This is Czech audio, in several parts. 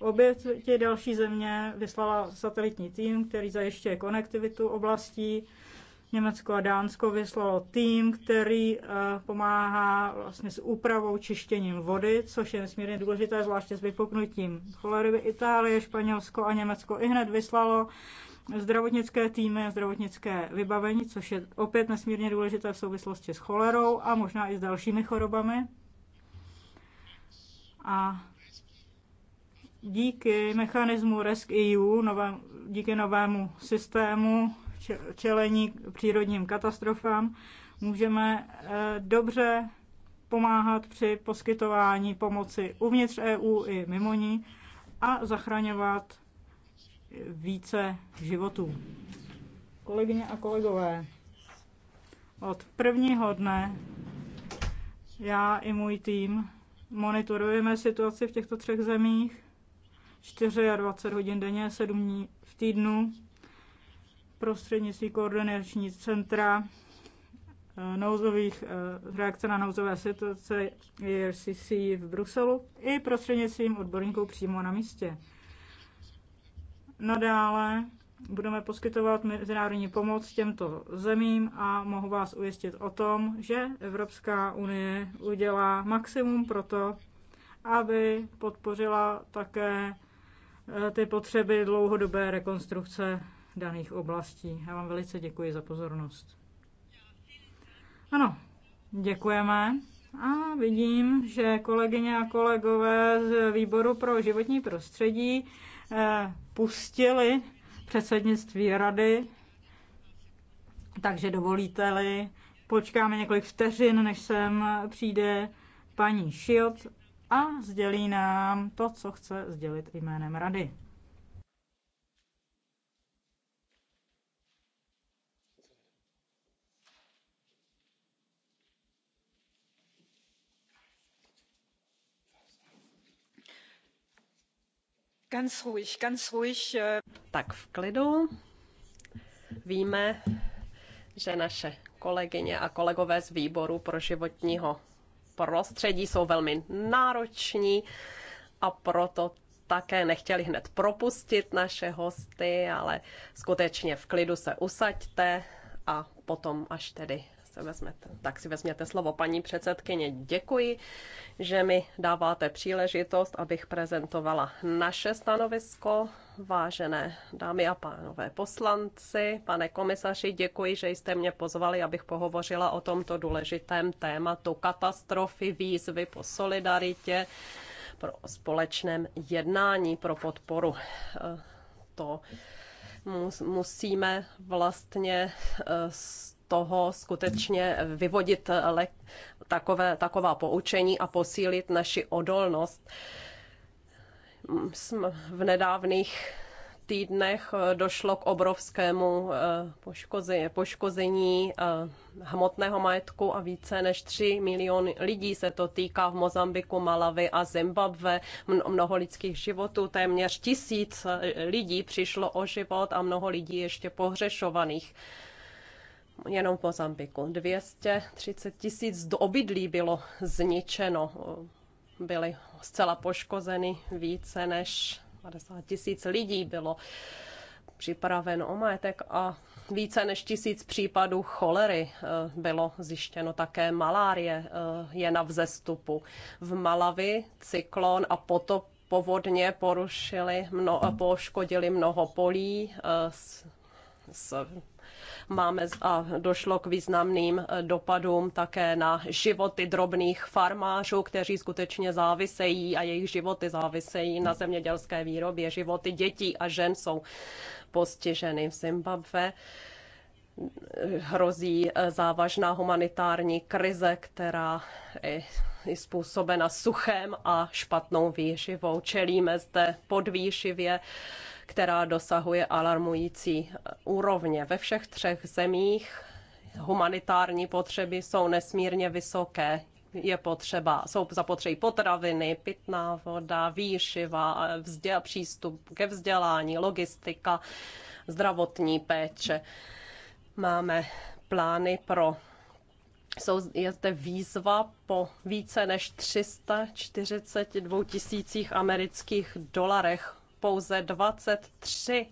Obě tě další země vyslala satelitní tým, který zajišťuje konektivitu oblastí. Německo a Dánsko vyslalo tým, který eh, pomáhá vlastně s úpravou čištěním vody, což je nesmírně důležité, zvláště s vypuknutím cholery. Itálie, Španělsko a Německo i hned vyslalo zdravotnické týmy a zdravotnické vybavení, což je opět nesmírně důležité v souvislosti s cholerou a možná i s dalšími chorobami. A díky mechanismu RESC-EU, díky novému systému čelení k přírodním katastrofám, můžeme eh, dobře pomáhat při poskytování pomoci uvnitř EU i mimo ní a zachraňovat více životů. Kolegyně a kolegové, od prvního dne já i můj tým monitorujeme situaci v těchto třech zemích 24 hodin denně, 7 dní v týdnu prostřednictví koordinační centra eh, nouzových, eh, reakce na nouzové situace IRCC v Bruselu i prostřednictvím odborníků přímo na místě. Nadále budeme poskytovat mezinárodní pomoc těmto zemím a mohu vás ujistit o tom, že Evropská unie udělá maximum pro to, aby podpořila také Eh, ty potřeby dlouhodobé rekonstrukce daných oblastí. Já vám velice děkuji za pozornost. Ano, děkujeme. A vidím, že kolegyně a kolegové z výboru pro životní prostředí eh, pustili předsednictví rady, takže dovolíte-li, počkáme několik vteřin, než sem přijde paní Šiot a sdělí nám to, co chce sdělit jménem Rady. Ganz ruhig, ganz ruhig. Eh. Tak v klidu. Víme, že naše kolegyně a kolegové z výboru pro životního prostředí jsou velmi nároční a proto také nechtěli hned propustit naše hosty, ale skutečně v klidu se usaďte a potom až tedy se vezmete. Tak si vezměte slovo, paní předsedkyně. Děkuji, že mi dáváte příležitost, abych prezentovala naše stanovisko. Vážené dámy a pánové poslanci, pane komisaři, děkuji, že jste mě pozvali, abych pohovořila o tomto důležitém tématu katastrofy, výzvy po solidaritě, pro společném jednání pro podporu. Eh, to musíme vlastně eh, toho skutečně vyvodit le- takové, taková poučení a posílit naši odolnost. Jsme v nedávných týdnech eh, došlo k obrovskému eh, poškození, poškození eh, hmotného majetku a více než 3 miliony lidí se to týká v Mozambiku, Malavi a Zimbabve. Mnoho lidských životů, téměř tisíc lidí přišlo o život a mnoho lidí ještě pohřešovaných jenom po Zambiku. 230 tisíc obydlí bylo zničeno, byly zcela poškozeny více než 50 tisíc lidí bylo připraveno o majetek a více než tisíc případů cholery eh, bylo zjištěno také malárie eh, je na vzestupu. V Malavi cyklon a potop povodně porušili, mno, poškodili mnoho polí, eh, s, s, Máme a došlo k významným eh, dopadům také na životy drobných farmářů, kteří skutečně závisejí a jejich životy závisejí na zemědělské výrobě. Životy dětí a žen jsou postiženy v Zimbabwe eh, hrozí eh, závažná humanitární krize, která je způsobena suchem a špatnou výživou. Čelíme zde podvýživě která dosahuje alarmující úrovně. Ve všech třech zemích humanitární potřeby jsou nesmírně vysoké. Je potřeba, jsou zapotřebí potraviny, pitná voda, výšiva, vzděl, přístup ke vzdělání, logistika, zdravotní péče. Máme plány pro jsou, je zde výzva po více než 342 tisících amerických dolarech pouze 23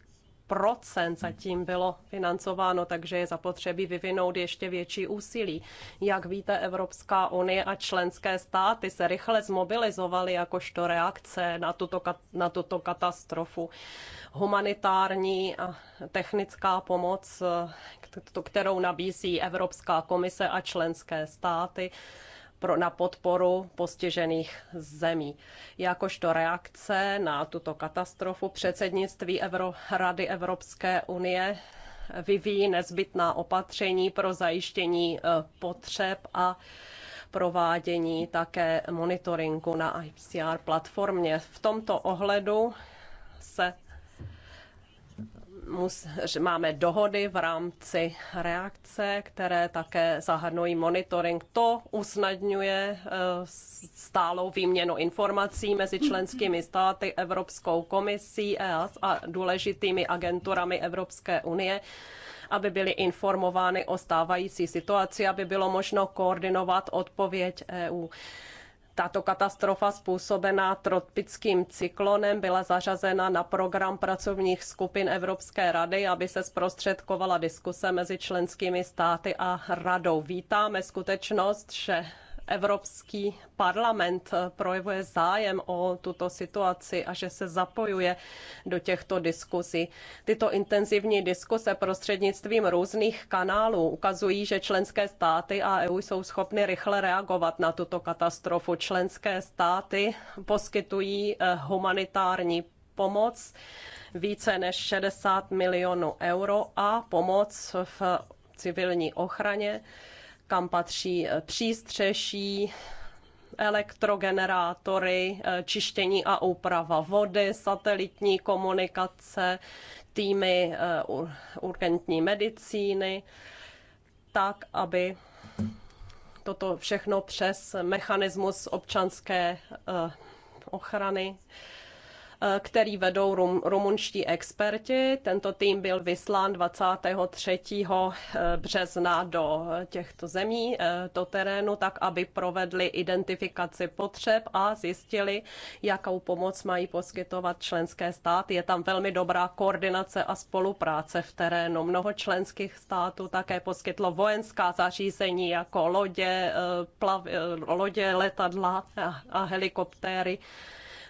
zatím bylo financováno, takže je zapotřebí vyvinout ještě větší úsilí. Jak víte, Evropská unie a členské státy se rychle zmobilizovaly jakožto reakce na tuto, na tuto katastrofu. Humanitární a technická pomoc, kterou nabízí Evropská komise a členské státy, pro, na podporu postižených zemí. Jakožto reakce na tuto katastrofu předsednictví Evro, Rady Evropské unie vyvíjí nezbytná opatření pro zajištění e, potřeb a provádění také monitoringu na ICR platformě. V tomto ohledu se máme dohody v rámci reakce, které také zahrnují monitoring. To usnadňuje eh, stálou výměnu informací mezi členskými státy, Evropskou komisí EAS a důležitými agenturami Evropské unie aby byly informovány o stávající situaci, aby bylo možno koordinovat odpověď EU. Tato katastrofa způsobená tropickým cyklonem byla zařazena na program pracovních skupin Evropské rady, aby se zprostředkovala diskuse mezi členskými státy a radou. Vítáme skutečnost, že Evropský parlament eh, projevuje zájem o tuto situaci a že se zapojuje do těchto diskuzí. Tyto intenzivní diskuse prostřednictvím různých kanálů ukazují, že členské státy a EU jsou schopny rychle reagovat na tuto katastrofu. Členské státy poskytují eh, humanitární pomoc více než 60 milionů euro a pomoc v civilní ochraně kam patří eh, přístřeší, elektrogenerátory, eh, čištění a úprava vody, satelitní komunikace, týmy eh, urgentní medicíny, tak, aby toto všechno přes mechanismus občanské ochrany Eh, který vedou rum, rumunští experti. Tento tým byl vyslán 23. Eh, března do těchto zemí, eh, do terénu, tak aby provedli identifikaci potřeb a zjistili, jakou pomoc mají poskytovat členské státy. Je tam velmi dobrá koordinace a spolupráce v terénu. Mnoho členských států také poskytlo vojenská zařízení jako lodě, plav, lodě letadla a, a helikoptéry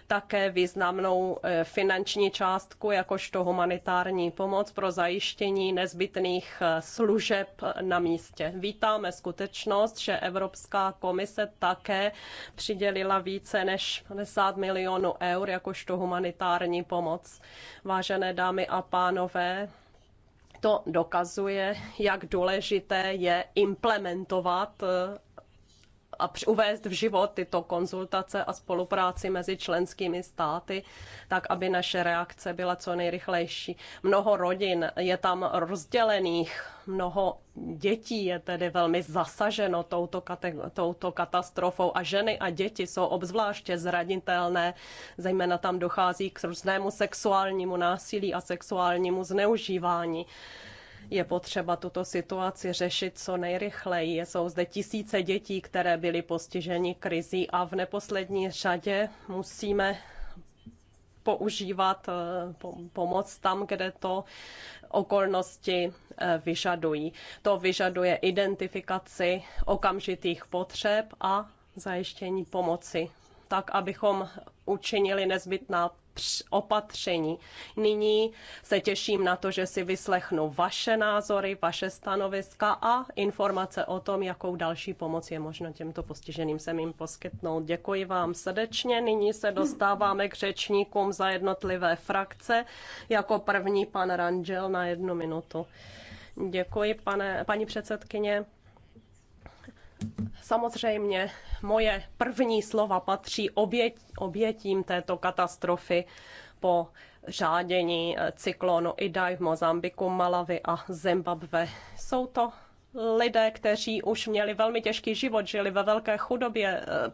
také významnou eh, finanční částku jakožto humanitární pomoc pro zajištění nezbytných eh, služeb na místě. Vítáme skutečnost, že Evropská komise také přidělila více než 50 milionů eur jakožto humanitární pomoc. Vážené dámy a pánové, to dokazuje, jak důležité je implementovat eh, a uvést v život tyto konzultace a spolupráci mezi členskými státy, tak aby naše reakce byla co nejrychlejší. Mnoho rodin je tam rozdělených, mnoho dětí je tedy velmi zasaženo touto, touto katastrofou a ženy a děti jsou obzvláště zranitelné, zejména tam dochází k různému sexuálnímu násilí a sexuálnímu zneužívání. Je potřeba tuto situaci řešit co nejrychleji. Jsou zde tisíce dětí, které byly postiženi krizí a v neposlední řadě musíme používat eh, pomoc tam, kde to okolnosti eh, vyžadují. To vyžaduje identifikaci okamžitých potřeb a zajištění pomoci tak, abychom učinili nezbytná opatření. Nyní se těším na to, že si vyslechnu vaše názory, vaše stanoviska a informace o tom, jakou další pomoc je možno těmto postiženým sem jim poskytnout. Děkuji vám srdečně. Nyní se dostáváme k řečníkům za jednotlivé frakce. Jako první pan Rangel na jednu minutu. Děkuji, pane, paní předsedkyně. Samozřejmě moje první slova patří obět, obětím této katastrofy po řádění eh, cyklonu Idai v Mozambiku, Malavi a Zimbabve. Jsou to lidé, kteří už měli velmi těžký život, žili ve velké chudobě, eh,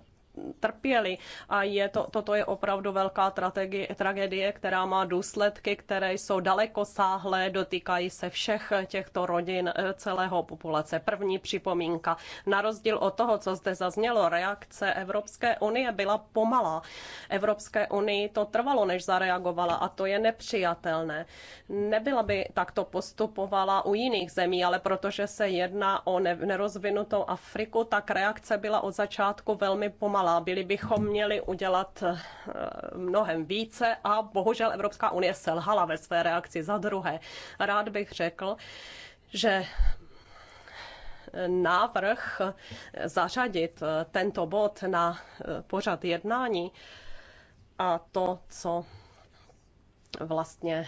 trpěli. A je to, toto je opravdu velká tragedie, tragedie, která má důsledky, které jsou daleko sáhlé, dotýkají se všech těchto rodin, eh, celého populace. První připomínka. Na rozdíl od toho, co zde zaznělo, reakce Evropské unie byla pomalá. Evropské unii to trvalo, než zareagovala a to je nepřijatelné. Nebyla by takto postupovala u jiných zemí, ale protože se jedná o nerozvinutou Afriku, tak reakce byla od začátku velmi pomalá malá. Byli bychom měli udělat eh, mnohem více a bohužel Evropská unie selhala ve své reakci. Za druhé, rád bych řekl, že návrh eh, zařadit eh, tento bod na pořad jednání a to, co vlastně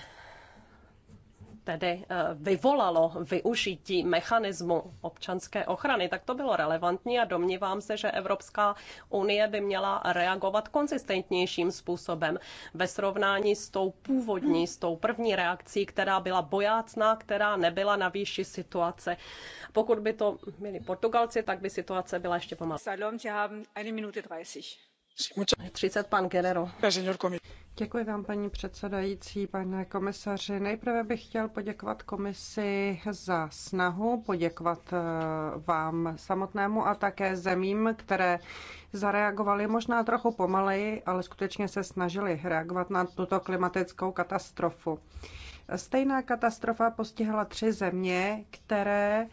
tedy eh, vyvolalo využití mechanismu občanské ochrany, tak to bylo relevantní a domnívám se, že Evropská unie by měla reagovat konzistentnějším způsobem ve srovnání s tou původní, s tou první reakcí, která byla bojácná, která nebyla na výši situace. Pokud by to měli Portugalci, tak by situace byla ještě pomalá. Salom, haben eine Minute 30. 30 pan Guerrero. Děkuji vám, paní předsedající, pane komisaři. Nejprve bych chtěl poděkovat komisi za snahu, poděkovat eh, vám samotnému a také zemím, které zareagovaly možná trochu pomaleji, ale skutečně se snažili reagovat na tuto klimatickou katastrofu. Stejná katastrofa postihla tři země, které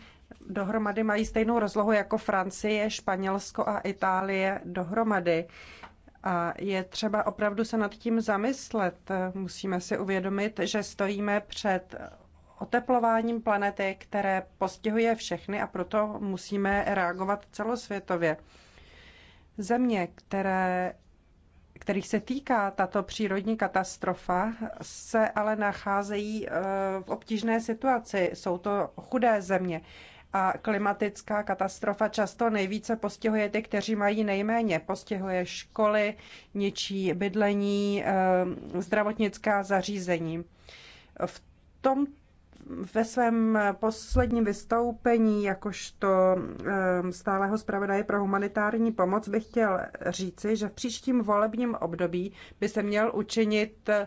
dohromady mají stejnou rozlohu jako Francie, Španělsko a Itálie dohromady. A je třeba opravdu se nad tím zamyslet. Musíme si uvědomit, že stojíme před oteplováním planety, které postihuje všechny a proto musíme reagovat celosvětově. Země, které, kterých se týká tato přírodní katastrofa, se ale nacházejí eh, v obtížné situaci. Jsou to chudé země a klimatická katastrofa často nejvíce postihuje ty, kteří mají nejméně. Postihuje školy, ničí bydlení, eh, zdravotnická zařízení. V tom ve svém posledním vystoupení jakožto eh, stáleho zpravodaje pro humanitární pomoc bych chtěl říci, že v příštím volebním období by se měl učinit eh,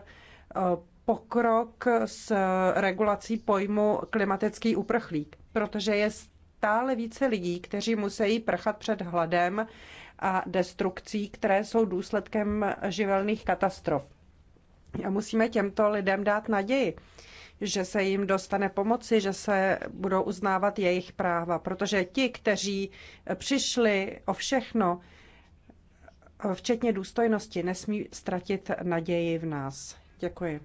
pokrok s regulací pojmu klimatický uprchlík, protože je stále více lidí, kteří musí prchat před hladem a destrukcí, které jsou důsledkem živelných katastrof. A musíme těmto lidem dát naději, že se jim dostane pomoci, že se budou uznávat jejich práva, protože ti, kteří přišli o všechno, včetně důstojnosti, nesmí ztratit naději v nás. Děkuji.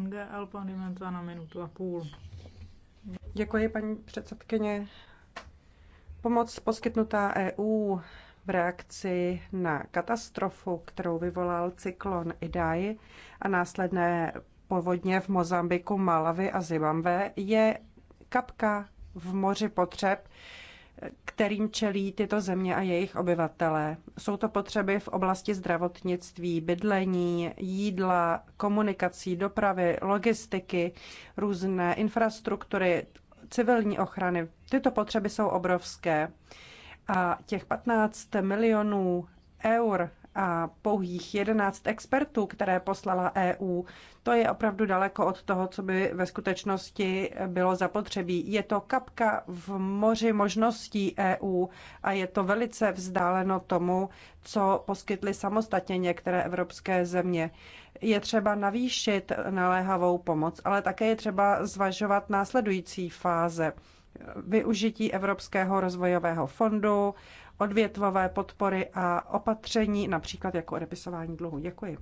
NGL na minutu a půl. Děkuji, paní předsedkyně. Pomoc poskytnutá EU v reakci na katastrofu, kterou vyvolal cyklon Idai a následné povodně v Mozambiku, Malavi a Zimbabwe, je kapka v moři potřeb, kterým čelí tyto země a jejich obyvatelé. Jsou to potřeby v oblasti zdravotnictví, bydlení, jídla, komunikací, dopravy, logistiky, různé infrastruktury, civilní ochrany. Tyto potřeby jsou obrovské. A těch 15 milionů eur a pouhých 11 expertů, které poslala EU, to je opravdu daleko od toho, co by ve skutečnosti bylo zapotřebí. Je to kapka v moři možností EU a je to velice vzdáleno tomu, co poskytly samostatně některé evropské země. Je třeba navýšit naléhavou pomoc, ale také je třeba zvažovat následující fáze využití Evropského rozvojového fondu, odvětvové podpory a opatření, například jako odepisování dluhu. Děkuji.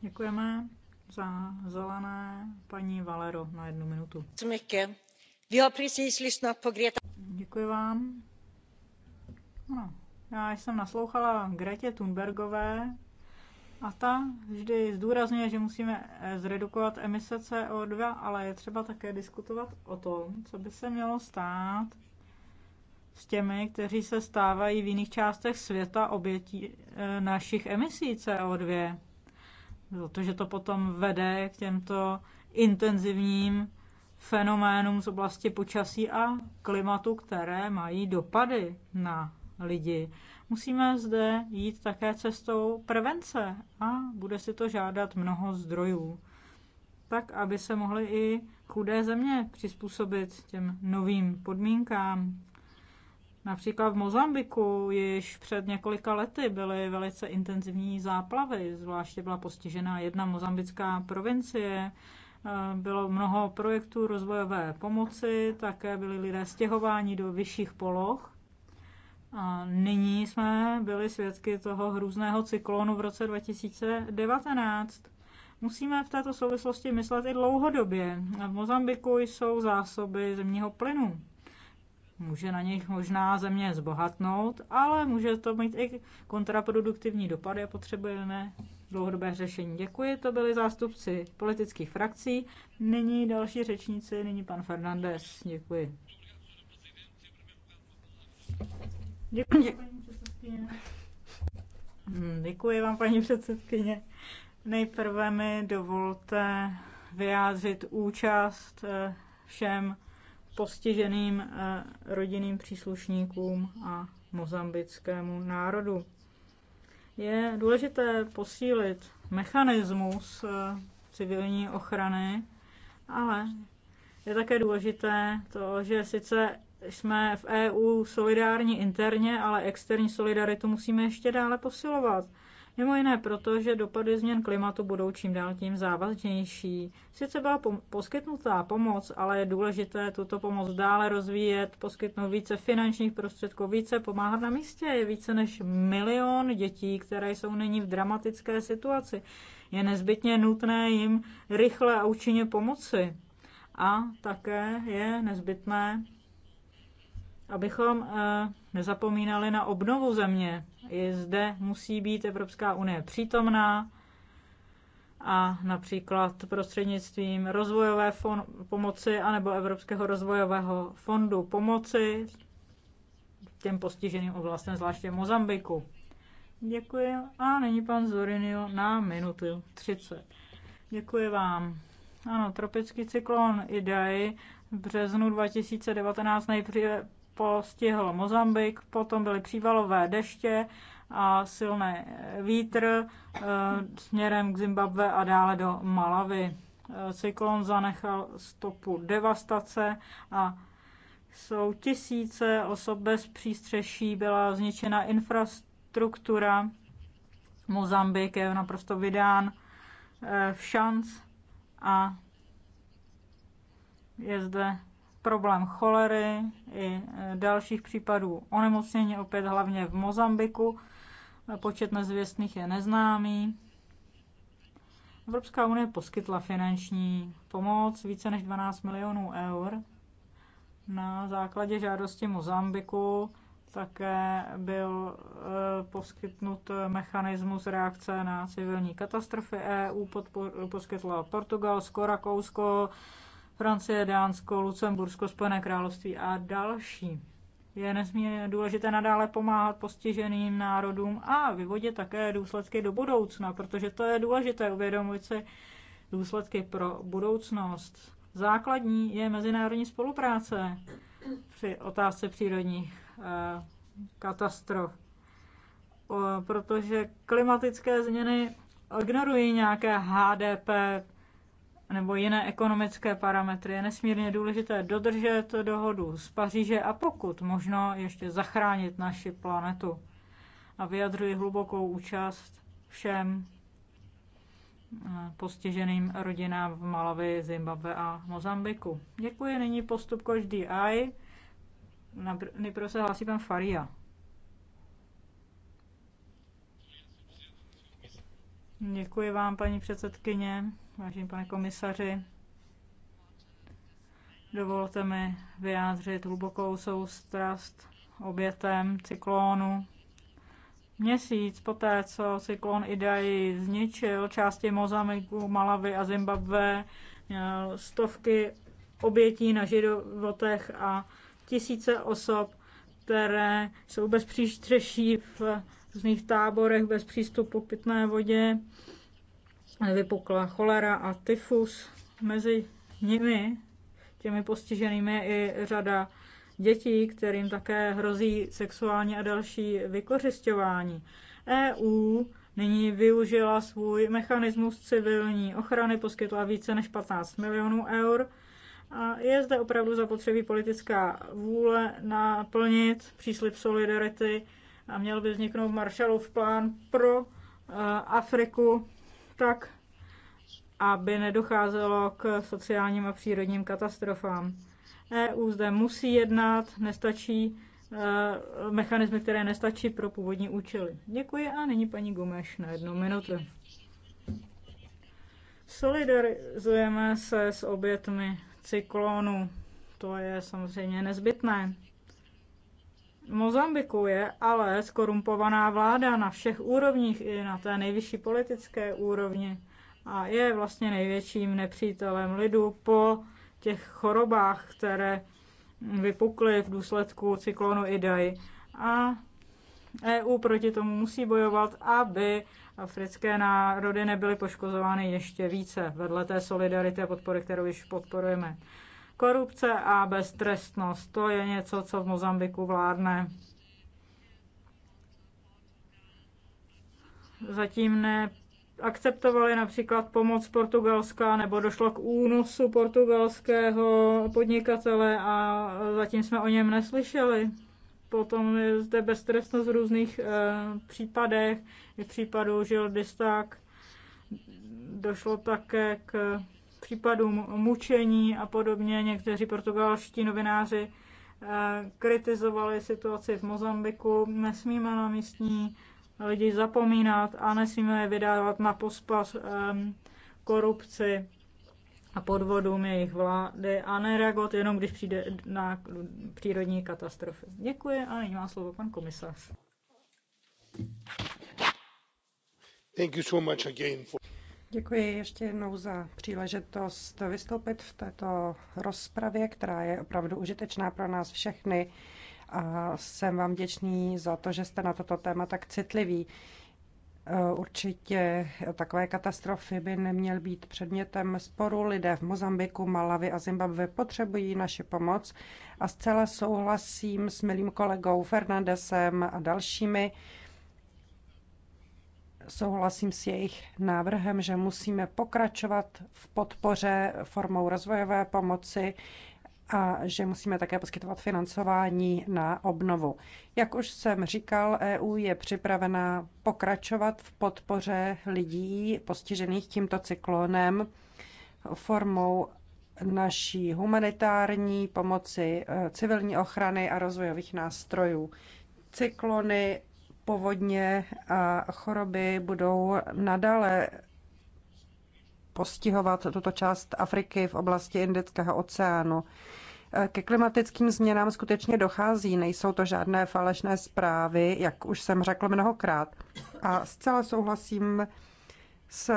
Děkujeme za zelené paní Valero na jednu minutu. Děkuji vám. No, já jsem naslouchala Gretě Thunbergové a ta vždy zdůrazňuje, že musíme eh, zredukovat emise CO2, ale je třeba také diskutovat o tom, co by se mělo stát, s těmi, kteří se stávají v jiných částech světa obětí eh, našich emisí CO2. Protože to potom vede k těmto intenzivním fenoménům z oblasti počasí a klimatu, které mají dopady na lidi. Musíme zde jít také cestou prevence a bude si to žádat mnoho zdrojů, tak aby se mohly i chudé země přizpůsobit těm novým podmínkám Například v Mozambiku již před několika lety byly velice intenzivní záplavy, zvláště byla postižena jedna mozambická provincie. Eh, bylo mnoho projektů rozvojové pomoci, také byli lidé stěhováni do vyšších poloh. A nyní jsme byli svědky toho hrůzného cyklonu v roce 2019. Musíme v této souvislosti myslet i dlouhodobě. V Mozambiku jsou zásoby zemního plynu Může na nich možná země zbohatnout, ale může to mít i kontraproduktivní dopady a potřebujeme dlouhodobé řešení. Děkuji, to byli zástupci politických frakcí. Nyní další řečníci, nyní pan Fernandez. Děkuji. Děkuji, děkuji paní hmm, Děkuji vám, paní předsedkyně. Nejprve mi dovolte vyjádřit účast eh, všem postiženým eh, rodinným příslušníkům a mozambickému národu. Je důležité posílit mechanismus eh, civilní ochrany, ale je také důležité to, že sice jsme v EU solidární interně, ale externí solidaritu musíme ještě dále posilovat. Mimo jiné proto, že dopady změn klimatu budou čím dál tím závažnější. Sice byla pom- poskytnutá pomoc, ale je důležité tuto pomoc dále rozvíjet, poskytnout více finančních prostředků, více pomáhat na místě. Je více než milion dětí, které jsou nyní v dramatické situaci. Je nezbytně nutné jim rychle a účinně pomoci. A také je nezbytné abychom eh, nezapomínali na obnovu země. I zde musí být Evropská unie přítomná a například prostřednictvím rozvojové fon- pomoci anebo Evropského rozvojového fondu pomoci těm postiženým oblastem, zvláště Mozambiku. Děkuji. A není pan Zorinio na minutu 30. Děkuji vám. Ano, tropický cyklon Idai v březnu 2019 nejprve postihl Mozambik, potom byly přívalové deště a silný vítr eh, směrem k Zimbabwe a dále do Malavy. Eh, cyklon zanechal stopu devastace a jsou tisíce osob bez přístřeší, byla zničena infrastruktura. Mozambik je naprosto vydán eh, v šanc a je zde problém cholery i e, dalších případů onemocnění, opět hlavně v Mozambiku. Počet nezvěstných je neznámý. Evropská unie poskytla finanční pomoc více než 12 milionů eur na základě žádosti Mozambiku také byl e, poskytnut mechanismus reakce na civilní katastrofy. EU poskytla Portugalsko, Rakousko, Francie, Dánsko, Lucembursko, Spojené království a další. Je nesmírně důležité nadále pomáhat postiženým národům a vyvodit také důsledky do budoucna, protože to je důležité uvědomit si důsledky pro budoucnost. Základní je mezinárodní spolupráce při otázce přírodních eh, katastrof, protože klimatické změny ignorují nějaké HDP nebo jiné ekonomické parametry. Je nesmírně důležité dodržet dohodu z Paříže a pokud možno ještě zachránit naši planetu. A vyjadřuji hlubokou účast všem eh, postiženým rodinám v Malavi, Zimbabwe a Mozambiku. Děkuji, nyní postup DI. Nejprve se hlásí pan Faria. Děkuji vám, paní předsedkyně, vážení pane komisaři. Dovolte mi vyjádřit hlubokou soustrast obětem cyklónu. Měsíc poté, co cyklon Idai zničil části Mozambiku, Malavy a Zimbabwe, měl stovky obětí na životech a tisíce osob, které jsou bez přístřeší v různých táborech bez přístupu k pitné vodě. Vypukla cholera a tyfus. Mezi nimi, těmi postiženými, je i řada dětí, kterým také hrozí sexuální a další vykořišťování. EU nyní využila svůj mechanismus civilní ochrany, poskytla více než 15 milionů eur. A je zde opravdu zapotřebí politická vůle naplnit příslip solidarity a měl by vzniknout Marshallův plán pro eh, Afriku tak, aby nedocházelo k sociálním a přírodním katastrofám. EU zde musí jednat, nestačí eh, mechanismy, které nestačí pro původní účely. Děkuji a nyní paní Gomeš na jednu minutu. Solidarizujeme se s obětmi cyklonu. To je samozřejmě nezbytné. Mozambiku je ale skorumpovaná vláda na všech úrovních, i na té nejvyšší politické úrovni a je vlastně největším nepřítelem lidu po těch chorobách, které vypukly v důsledku cyklonu Idai. A EU proti tomu musí bojovat, aby africké národy nebyly poškozovány ještě více vedle té solidarity a podpory, kterou již podporujeme. Korupce a beztrestnost, to je něco, co v Mozambiku vládne. Zatím neakceptovali například pomoc Portugalska nebo došlo k únosu portugalského podnikatele a zatím jsme o něm neslyšeli. Potom je zde beztrestnost v různých e, případech. V případu Žil Distak došlo také k případů mučení a podobně. Někteří portugalští novináři eh, kritizovali situaci v Mozambiku. Nesmíme na místní lidi zapomínat a nesmíme je vydávat na pospas eh, korupci a podvodům jejich vlády a nereagovat jenom, když přijde na přírodní katastrofy. Děkuji a nyní má slovo pan komisař. Thank you so much again for... Děkuji ještě jednou za příležitost vystoupit v této rozpravě, která je opravdu užitečná pro nás všechny a jsem vám děčný za to, že jste na toto téma tak citlivý. Eh, určitě takové katastrofy by neměl být předmětem sporu. Lidé v Mozambiku, Malavi a Zimbabwe potřebují naši pomoc a zcela souhlasím s milým kolegou Fernandesem a dalšími, souhlasím s jejich návrhem, že musíme pokračovat v podpoře formou rozvojové pomoci a že musíme také poskytovat financování na obnovu. Jak už jsem říkal, EU je připravena pokračovat v podpoře lidí postižených tímto cyklonem formou naší humanitární pomoci, civilní ochrany a rozvojových nástrojů. Cyklony povodně a choroby budou nadále postihovat tuto část Afriky v oblasti Indického oceánu. Ke klimatickým změnám skutečně dochází, nejsou to žádné falešné zprávy, jak už jsem řekl mnohokrát. A zcela souhlasím s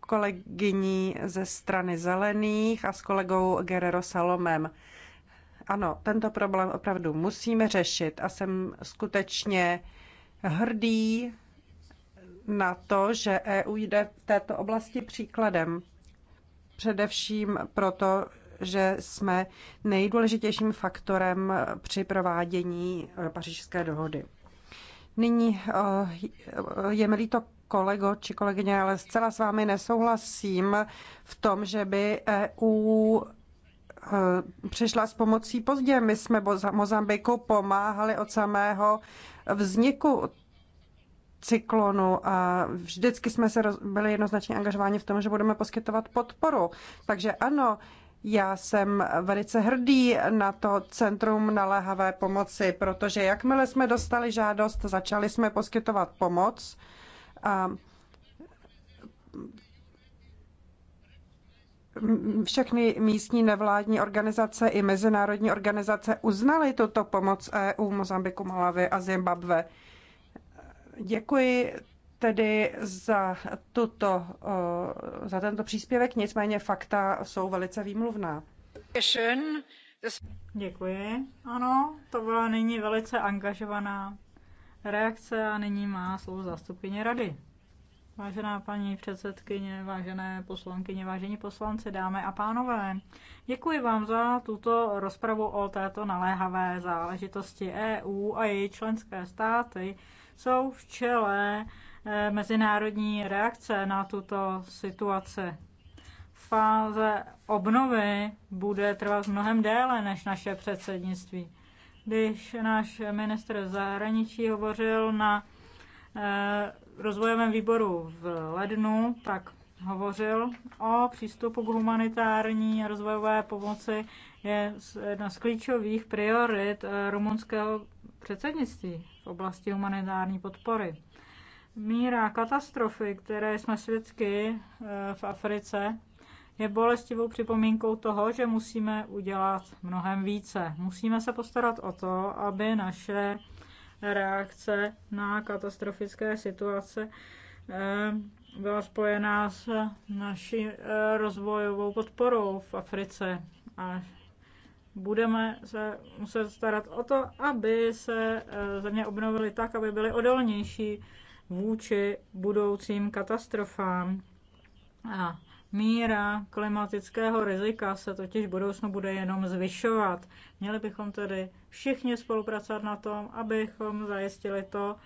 kolegyní ze strany Zelených a s kolegou Guerrero Salomem. Ano, tento problém opravdu musíme řešit a jsem skutečně hrdý na to, že EU jde v této oblasti příkladem. Především proto, že jsme nejdůležitějším faktorem při provádění eh, pařížské dohody. Nyní eh, je mi líto kolego či kolegyně, ale zcela s vámi nesouhlasím v tom, že by EU Eh, přišla s pomocí pozdě. My jsme Mozambiku pomáhali od samého vzniku cyklonu a vždycky jsme se byli jednoznačně angažováni v tom, že budeme poskytovat podporu. Takže ano, já jsem velice hrdý na to Centrum naléhavé pomoci, protože jakmile jsme dostali žádost, začali jsme poskytovat pomoc a všechny místní nevládní organizace i mezinárodní organizace uznaly tuto pomoc EU Mozambiku, Malavy a Zimbabwe. Děkuji tedy za, tuto, za tento příspěvek, nicméně fakta jsou velice výmluvná. Děkuji. Ano, to byla nyní velice angažovaná reakce a nyní má slovo zastupině rady. Vážená paní předsedkyně, vážené poslankyně, vážení poslanci, dámy a pánové, děkuji vám za tuto rozpravu o této naléhavé záležitosti EU a její členské státy jsou v čele eh, mezinárodní reakce na tuto situaci. Fáze obnovy bude trvat mnohem déle než naše předsednictví. Když náš ministr zahraničí hovořil na eh, rozvojovém výboru v lednu, tak hovořil o přístupu k humanitární a rozvojové pomoci je jedna z klíčových priorit eh, rumunského předsednictví v oblasti humanitární podpory. Míra katastrofy, které jsme svědky eh, v Africe, je bolestivou připomínkou toho, že musíme udělat mnohem více. Musíme se postarat o to, aby naše reakce na katastrofické situace eh, byla spojená s naší eh, rozvojovou podporou v Africe. A budeme se muset starat o to, aby se eh, země obnovily tak, aby byly odolnější vůči budoucím katastrofám. A míra klimatického rizika se totiž v budoucnu bude jenom zvyšovat. Měli bychom tedy všichni spolupracovat na tom, abychom zajistili to,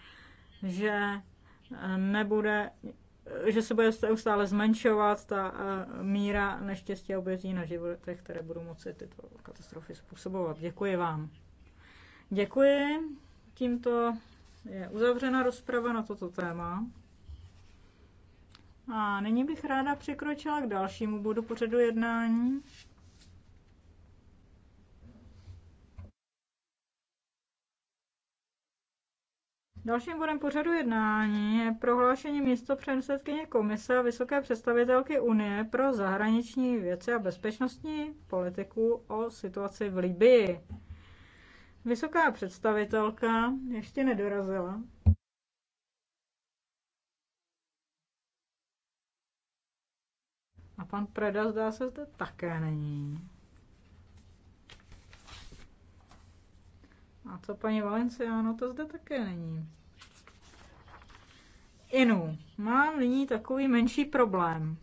že eh, nebude, že se bude stále zmenšovat ta eh, míra neštěstí a obětí na životech, které budou moci tyto katastrofy způsobovat. Děkuji vám. Děkuji. Tímto je uzavřena rozprava na toto téma. A nyní bych ráda překročila k dalšímu bodu pořadu jednání. Dalším bodem pořadu jednání je prohlášení místo předsedkyně komise a vysoké představitelky Unie pro zahraniční věci a bezpečnostní politiku o situaci v Libii. Vysoká představitelka ještě nedorazila. A pan Preda zdá se zde také není. A co paní Valenciano, to zde také není. Inu, mám nyní takový menší problém.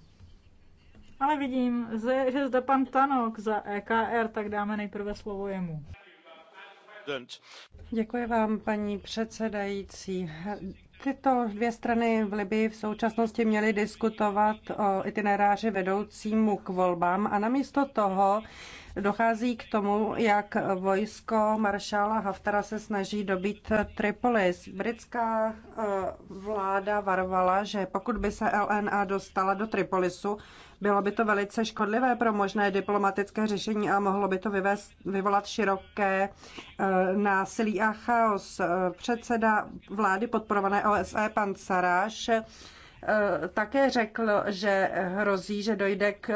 Ale vidím, že zde pan Tanok za EKR, tak dáme nejprve slovo jemu. Děkuji vám, paní předsedající. Tyto dvě strany v Libii v současnosti měly diskutovat o itineráři vedoucímu k volbám a namísto toho Dochází k tomu, jak vojsko maršála Haftara se snaží dobít Tripolis. Britská eh, vláda varovala, že pokud by se LNA dostala do Tripolisu, bylo by to velice škodlivé pro možné diplomatické řešení a mohlo by to vyvést, vyvolat široké eh, násilí a chaos. Eh, předseda vlády podporované OSE, pan Saráš, také řekl, že hrozí, že dojde k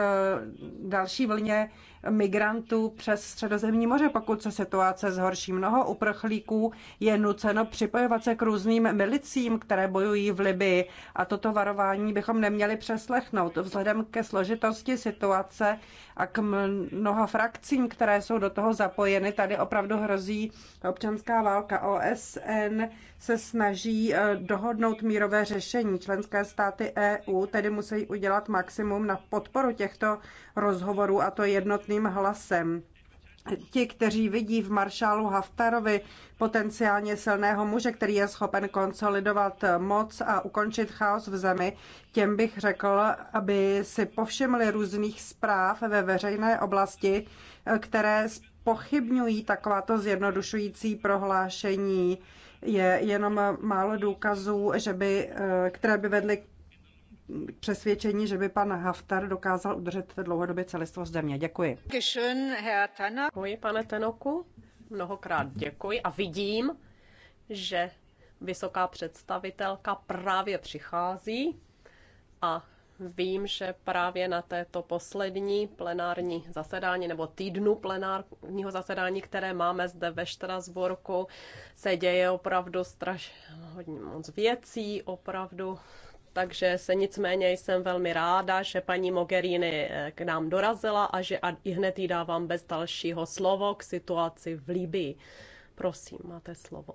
další vlně migrantů přes Středozemní moře, pokud se situace zhorší. Mnoho uprchlíků je nuceno připojovat se k různým milicím, které bojují v Libii a toto varování bychom neměli přeslechnout. Vzhledem ke složitosti situace a k mnoha frakcím, které jsou do toho zapojeny. Tady opravdu hrozí občanská válka. OSN se snaží eh, dohodnout mírové řešení. Členské státy EU tedy musí udělat maximum na podporu těchto rozhovorů a to jednotným hlasem ti, kteří vidí v maršálu Haftarovi potenciálně silného muže, který je schopen konsolidovat moc a ukončit chaos v zemi, těm bych řekl, aby si povšimli různých zpráv ve veřejné oblasti, které pochybňují takováto zjednodušující prohlášení. Je jenom málo důkazů, že by, eh, které by vedly přesvědčení, že by pan Haftar dokázal udržet dlouhodobě celistvo země. Děkuji. Děkuji, pane Tenoku. Mnohokrát děkuji a vidím, že vysoká představitelka právě přichází a vím, že právě na této poslední plenární zasedání nebo týdnu plenárního zasedání, které máme zde ve Štrasburku, se děje opravdu strašně hodně moc věcí, opravdu takže se nicméně jsem velmi ráda, že paní Mogherini eh, k nám dorazila a že i hned jí dávám bez dalšího slovo k situaci v Libii. Prosím, máte slovo.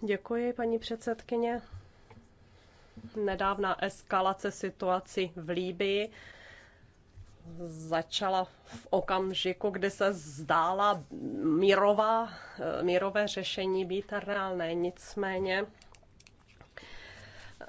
Děkuji, paní předsedkyně. Nedávná eskalace situaci v Líbii začala v okamžiku, kdy se zdála mírová, eh, mírové řešení být reálné. Nicméně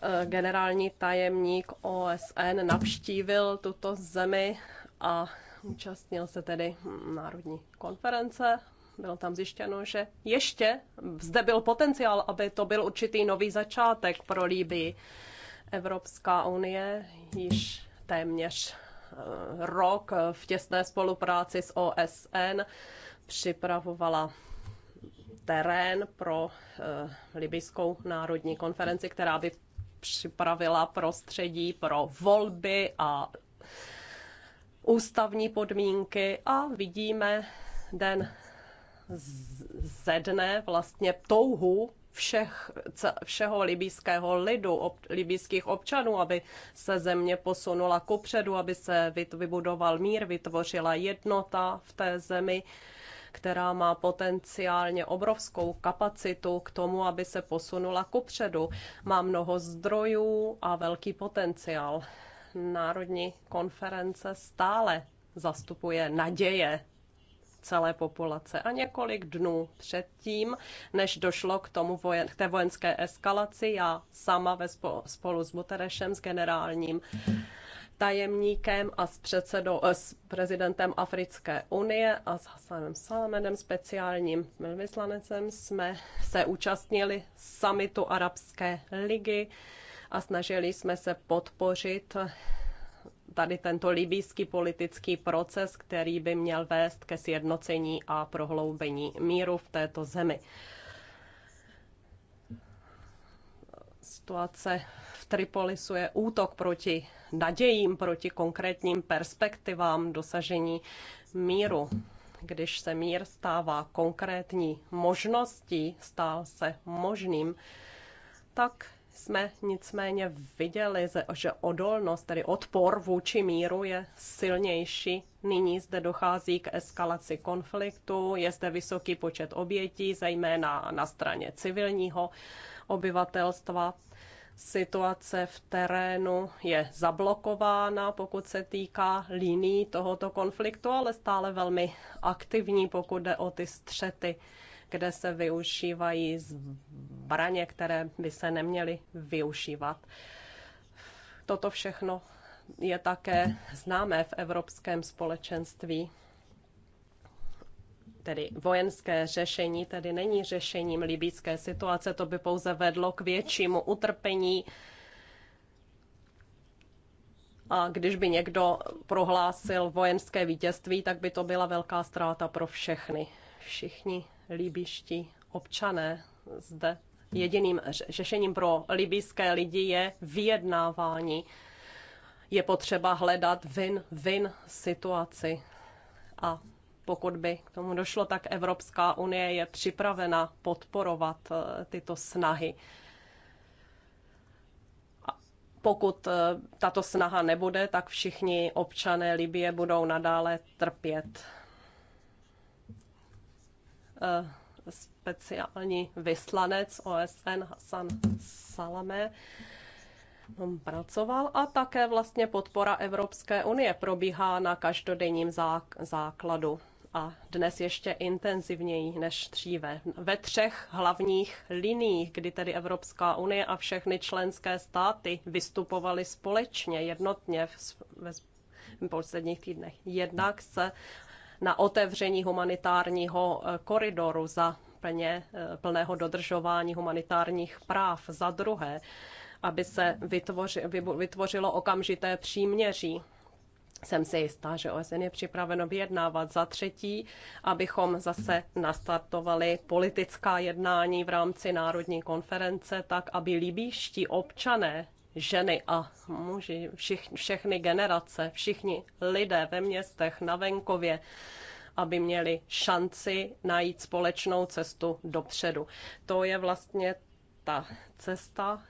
Eh, generální tajemník OSN navštívil tuto zemi a účastnil se tedy národní konference. Bylo tam zjištěno, že ještě zde byl potenciál, aby to byl určitý nový začátek pro Líbii. Evropská unie již téměř eh, rok v těsné spolupráci s OSN připravovala terén pro eh, libyskou národní konferenci, která by připravila prostředí pro volby a ústavní podmínky a vidíme den ze dne vlastně touhu všech, všeho libýského lidu, ob, libýských občanů, aby se země posunula kupředu, aby se vybudoval mír, vytvořila jednota v té zemi která má potenciálně obrovskou kapacitu k tomu, aby se posunula kupředu. Má mnoho zdrojů a velký potenciál. Národní konference stále zastupuje naděje celé populace. A několik dnů předtím, než došlo k, tomu vojen, k té vojenské eskalaci, já sama ve spolu, spolu s Buterešem, s generálním tajemníkem a s, předsedou, eh, s prezidentem Africké unie a s Hassanem Salamedem, speciálním velvyslanecem, jsme se účastnili summitu Arabské ligy a snažili jsme se podpořit tady tento libýský politický proces, který by měl vést ke sjednocení a prohloubení míru v této zemi. Situace Tripolisu je útok proti nadějím, proti konkrétním perspektivám dosažení míru. Když se mír stává konkrétní možností, stál se možným, tak jsme nicméně viděli, že odolnost, tedy odpor vůči míru je silnější. Nyní zde dochází k eskalaci konfliktu, je zde vysoký počet obětí, zejména na straně civilního obyvatelstva situace v terénu je zablokována, pokud se týká liní tohoto konfliktu, ale stále velmi aktivní, pokud jde o ty střety, kde se využívají zbraně, které by se neměly využívat. Toto všechno je také známé v evropském společenství tedy vojenské řešení tedy není řešením libýské situace, to by pouze vedlo k většímu utrpení. A když by někdo prohlásil vojenské vítězství, tak by to byla velká ztráta pro všechny. Všichni libiští občané zde. Jediným řešením pro libijské lidi je vyjednávání. Je potřeba hledat vin-vin situaci. A pokud by k tomu došlo, tak Evropská unie je připravena podporovat eh, tyto snahy. pokud eh, tato snaha nebude, tak všichni občané Libie budou nadále trpět. Eh, speciální vyslanec OSN Hasan Salame pracoval a také vlastně podpora Evropské unie probíhá na každodenním základu a dnes ještě intenzivněji než dříve. Ve třech hlavních liniích, kdy tedy Evropská unie a všechny členské státy vystupovaly společně, jednotně v, v posledních týdnech. Jednak se na otevření humanitárního eh, koridoru za plně, eh, plného dodržování humanitárních práv. Za druhé, aby se vytvoři, vytvořilo okamžité příměří jsem si jistá, že OSN je připraveno vyjednávat za třetí, abychom zase nastartovali politická jednání v rámci Národní konference, tak aby libýští občané, ženy a muži, všich, všechny generace, všichni lidé ve městech, na venkově, aby měli šanci najít společnou cestu dopředu. To je vlastně ta cesta,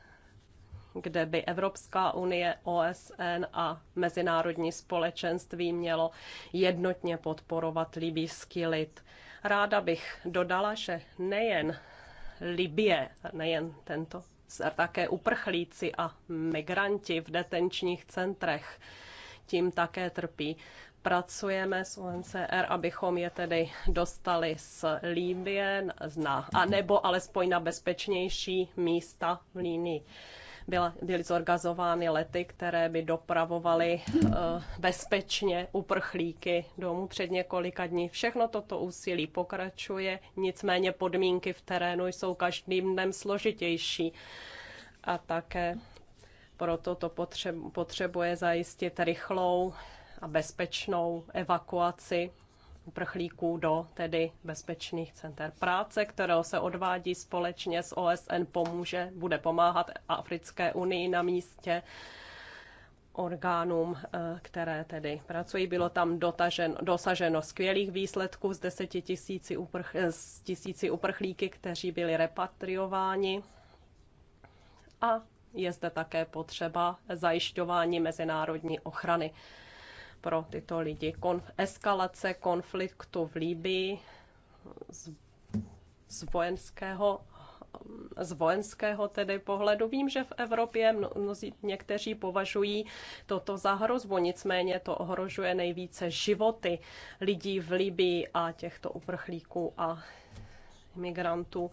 kde by Evropská unie, OSN a mezinárodní společenství mělo jednotně podporovat libýský lid. Ráda bych dodala, že nejen Libie, nejen tento, také uprchlíci a migranti v detenčních centrech tím také trpí. Pracujeme s UNCR, abychom je tedy dostali z Líbie a nebo alespoň na bezpečnější místa v línii byla, byly zorganizovány lety, které by dopravovaly eh, bezpečně uprchlíky domů před několika dní. Všechno toto úsilí pokračuje, nicméně podmínky v terénu jsou každým dnem složitější. A také proto to potřebuje zajistit rychlou a bezpečnou evakuaci uprchlíků do tedy bezpečných center práce, kterého se odvádí společně s OSN, pomůže, bude pomáhat Africké unii na místě orgánům, eh, které tedy pracují. Bylo tam dotažen, dosaženo skvělých výsledků z deseti tisíci, uprch, z tisíci uprchlíky, kteří byli repatriováni. A je zde také potřeba zajišťování mezinárodní ochrany pro tyto lidi. Konf- eskalace konfliktu v Líbii z, z vojenského z vojenského tedy pohledu. Vím, že v Evropě mnozí, někteří považují toto za hrozbu, nicméně to ohrožuje nejvíce životy lidí v Libii a těchto uprchlíků a migrantů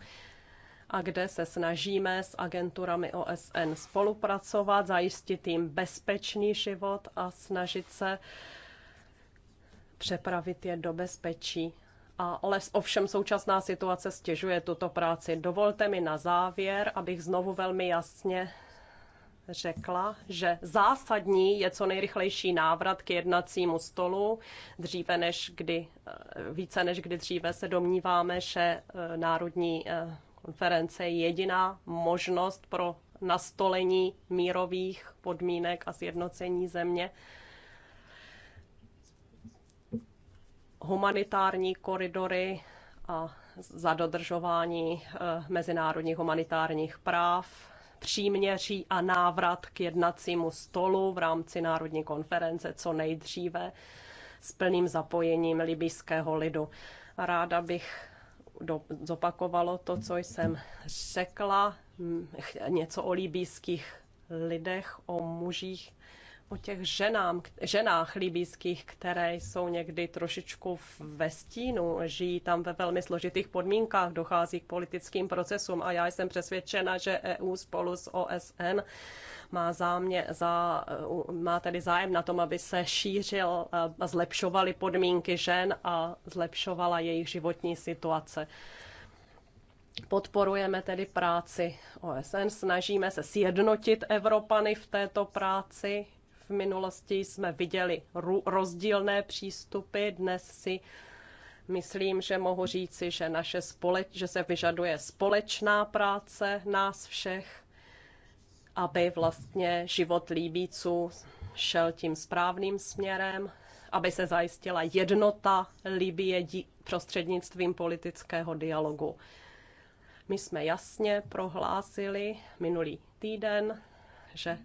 a kde se snažíme s agenturami OSN spolupracovat, zajistit jim bezpečný život a snažit se přepravit je do bezpečí. A, ale ovšem současná situace stěžuje tuto práci. Dovolte mi na závěr, abych znovu velmi jasně řekla, že zásadní je co nejrychlejší návrat k jednacímu stolu, dříve než kdy, více než kdy dříve se domníváme, že e, národní e, konference je jediná možnost pro nastolení mírových podmínek a sjednocení země. Humanitární koridory a za dodržování eh, mezinárodních humanitárních práv, příměří a návrat k jednacímu stolu v rámci Národní konference co nejdříve s plným zapojením libyského lidu. Ráda bych do, zopakovalo to, co jsem řekla, něco o líbíských lidech, o mužích, o těch ženám, ženách líbíských, které jsou někdy trošičku ve stínu, žijí tam ve velmi složitých podmínkách, dochází k politickým procesům a já jsem přesvědčena, že EU spolu s OSN má, zámě, za, má tedy zájem na tom, aby se šířil eh, a zlepšovaly podmínky žen a zlepšovala jejich životní situace. Podporujeme tedy práci OSN, snažíme se sjednotit Evropany v této práci. V minulosti jsme viděli rozdílné přístupy, dnes si myslím, že mohu říci, že, naše společ, že se vyžaduje společná práce nás všech aby vlastně život Líbíců šel tím správným směrem, aby se zajistila jednota Libie prostřednictvím politického dialogu. My jsme jasně prohlásili minulý týden, že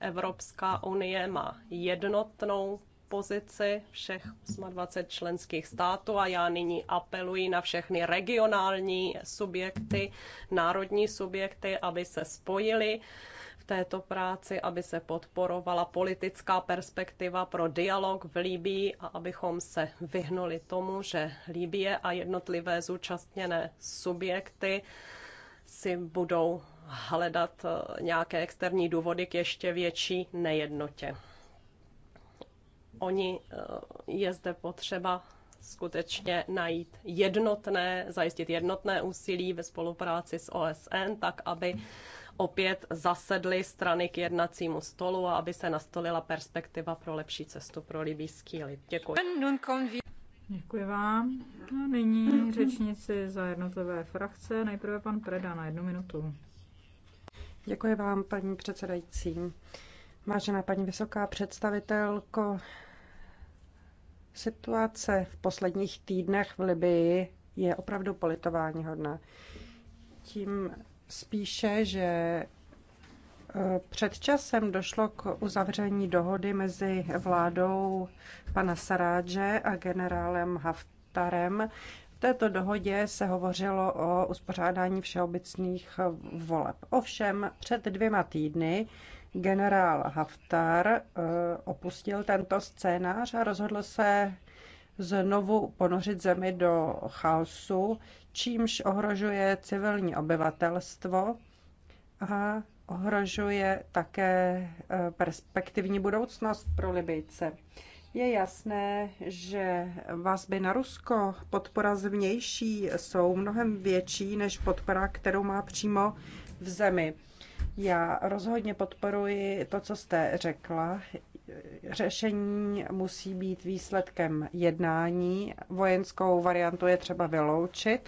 Evropská unie má jednotnou pozici všech 28 členských států a já nyní apeluji na všechny regionální subjekty, národní subjekty, aby se spojili této práci, aby se podporovala politická perspektiva pro dialog v Líbii a abychom se vyhnuli tomu, že Líbie a jednotlivé zúčastněné subjekty si budou hledat eh, nějaké externí důvody k ještě větší nejednotě. Oni eh, je zde potřeba skutečně najít jednotné, zajistit jednotné úsilí ve spolupráci s OSN, tak aby opět zasedly strany k jednacímu stolu a aby se nastolila perspektiva pro lepší cestu pro libýský lid. Děkuji. Děkuji vám. A nyní řečnici za jednotlivé frakce. Nejprve pan Preda na jednu minutu. Děkuji vám, paní předsedající. Vážená paní vysoká představitelko, situace v posledních týdnech v Libii je opravdu politování hodná. Tím spíše, že eh, před časem došlo k uzavření dohody mezi vládou pana Saráže a generálem Haftarem. V této dohodě se hovořilo o uspořádání všeobecných voleb. Ovšem před dvěma týdny generál Haftar eh, opustil tento scénář a rozhodl se znovu ponořit zemi do chaosu, čímž ohrožuje civilní obyvatelstvo a ohrožuje také eh, perspektivní budoucnost pro Libyjce. Je jasné, že vazby na Rusko, podpora zvnější, jsou mnohem větší než podpora, kterou má přímo v zemi. Já rozhodně podporuji to, co jste řekla řešení musí být výsledkem jednání. Vojenskou variantu je třeba vyloučit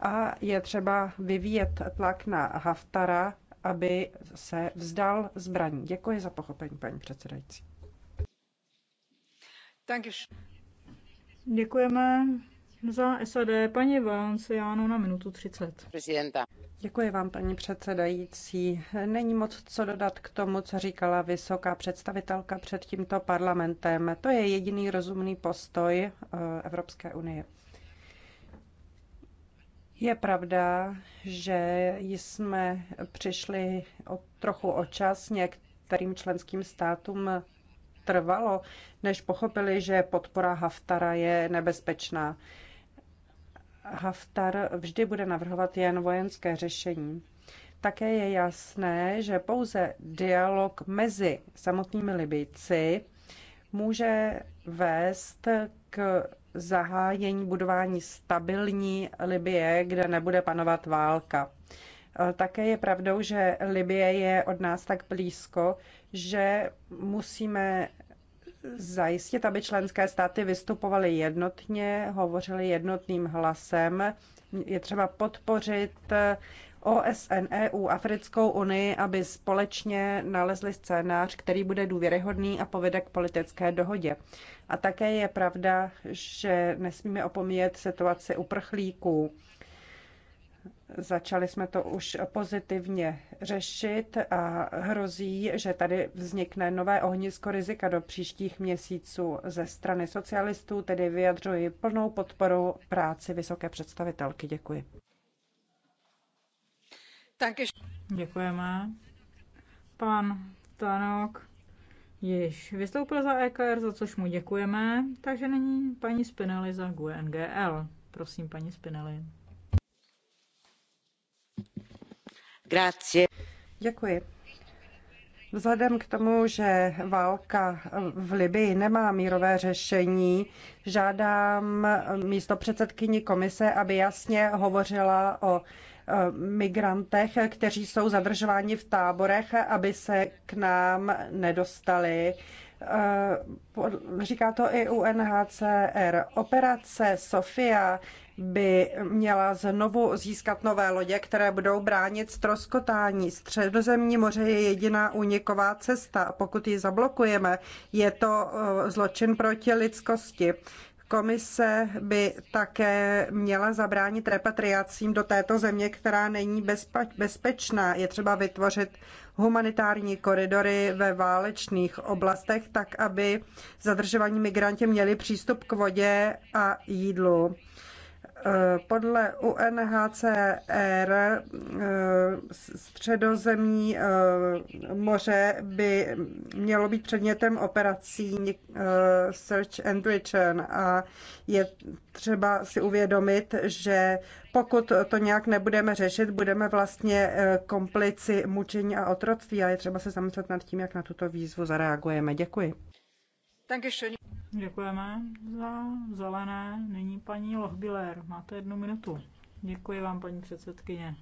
a je třeba vyvíjet tlak na Haftara, aby se vzdal zbraní. Děkuji za pochopení, paní předsedající. Děkujeme. Za SAD paní Valenciánu na minutu 30. Prezidenta. Děkuji vám, paní předsedající. Není moc co dodat k tomu, co říkala vysoká představitelka před tímto parlamentem. To je jediný rozumný postoj eh, Evropské unie. Je pravda, že jsme přišli o, trochu o čas. Některým členským státům trvalo, než pochopili, že podpora Haftara je nebezpečná. Haftar vždy bude navrhovat jen vojenské řešení. Také je jasné, že pouze dialog mezi samotnými Libyjci může vést k zahájení budování stabilní Libie, kde nebude panovat válka. E, také je pravdou, že Libie je od nás tak blízko, že musíme zajistit, aby členské státy vystupovaly jednotně, hovořily jednotným hlasem. Je třeba podpořit OSN, EU, Africkou unii, aby společně nalezli scénář, který bude důvěryhodný a povede k politické dohodě. A také je pravda, že nesmíme opomíjet situaci uprchlíků. Začali jsme to už pozitivně řešit a hrozí, že tady vznikne nové ohnisko rizika do příštích měsíců ze strany socialistů, tedy vyjadřuji plnou podporu práci vysoké představitelky. Děkuji. Děkujeme. Pan Tanok již vystoupil za EKR, za což mu děkujeme, takže není paní Spinelli za GUNGL. Prosím, paní Spinelli. Děkuji. Vzhledem k tomu, že válka v Libyi nemá mírové řešení, žádám místo komise, aby jasně hovořila o eh, migrantech, kteří jsou zadržováni v táborech, aby se k nám nedostali. Eh, říká to i UNHCR. Operace Sofia by měla znovu získat nové lodě, které budou bránit stroskotání. Středozemní moře je jediná uniková cesta. Pokud ji zablokujeme, je to eh, zločin proti lidskosti. Komise by také měla zabránit repatriacím do této země, která není bezpečná. Je třeba vytvořit humanitární koridory ve válečných oblastech, tak aby zadržovaní migranti měli přístup k vodě a jídlu. Eh, podle UNHCR eh, středozemní eh, moře by mělo být předmětem operací Search and Return a je třeba si uvědomit, že pokud to nějak nebudeme řešit, budeme vlastně komplici mučení a otroctví a je třeba se zamyslet nad tím, jak na tuto výzvu zareagujeme. Děkuji. Děkujeme za zelené. Nyní paní Lochbiller, máte jednu minutu. Děkuji vám, paní předsedkyně.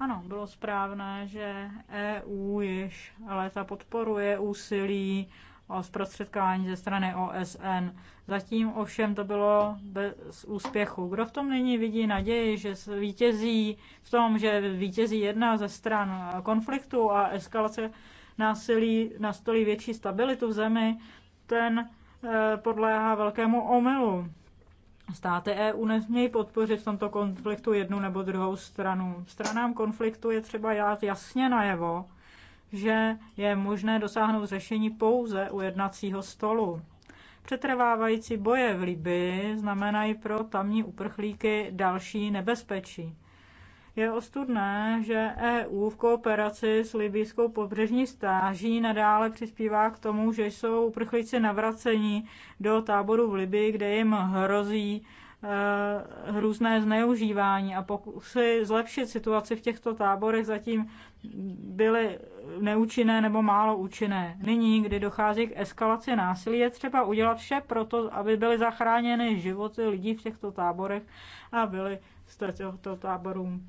Ano, bylo správné, že EU již léta podporuje úsilí o zprostředkování ze strany OSN. Zatím ovšem to bylo bez úspěchu. Kdo v tom nyní vidí naději, že vítězí v tom, že vítězí jedna ze stran konfliktu a eskalace násilí nastolí větší stabilitu v zemi, ten eh, podléhá velkému omylu. Státy EU nesmějí podpořit v tomto konfliktu jednu nebo druhou stranu. Stranám konfliktu je třeba dát jasně najevo, že je možné dosáhnout řešení pouze u jednacího stolu. Přetrvávající boje v Libii znamenají pro tamní uprchlíky další nebezpečí. Je ostudné, že EU v kooperaci s libijskou pobřežní stáží nadále přispívá k tomu, že jsou uprchlíci navraceni do táboru v Libii, kde jim hrozí eh, hrůzné zneužívání a pokusy zlepšit situaci v těchto táborech zatím byly neúčinné nebo málo účinné. Nyní, kdy dochází k eskalaci násilí, je třeba udělat vše pro to, aby byly zachráněny životy lidí v těchto táborech a byly z těchto táborů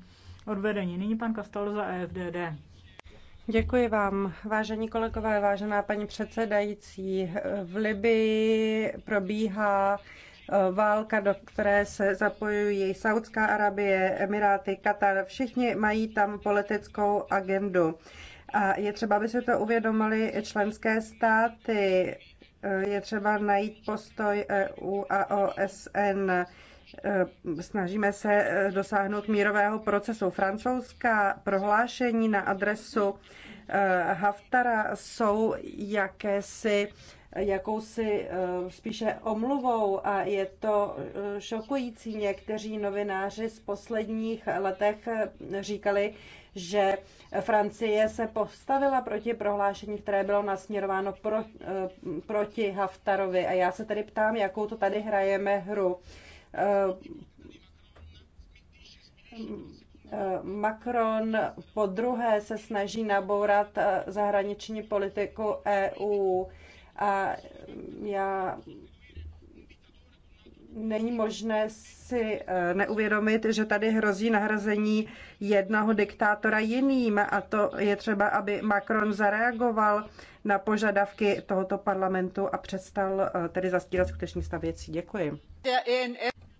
Odvedení. Nyní pan Kastal za EFDD. Děkuji vám, vážení kolegové, vážená paní předsedající. V Libii probíhá eh, válka, do které se zapojují Saudská Arabie, Emiráty, Katar. Všichni mají tam politickou agendu. A je třeba, aby se to uvědomili členské státy. Eh, je třeba najít postoj EU a OSN Eh, snažíme se eh, dosáhnout mírového procesu. Francouzská prohlášení na adresu eh, Haftara jsou jakési jakousi spíše omluvou a je to šokující. Někteří novináři z posledních letech říkali, že Francie se postavila proti prohlášení, které bylo nasměrováno pro, proti Haftarovi. A já se tedy ptám, jakou to tady hrajeme hru. Eh, Macron po druhé se snaží nabourat eh, zahraniční politiku EU. A já není možné si eh, neuvědomit, že tady hrozí nahrazení jednoho diktátora jiným a to je třeba, aby Macron zareagoval na požadavky tohoto parlamentu a přestal eh, tedy zastírat skutečný stav věcí. Děkuji.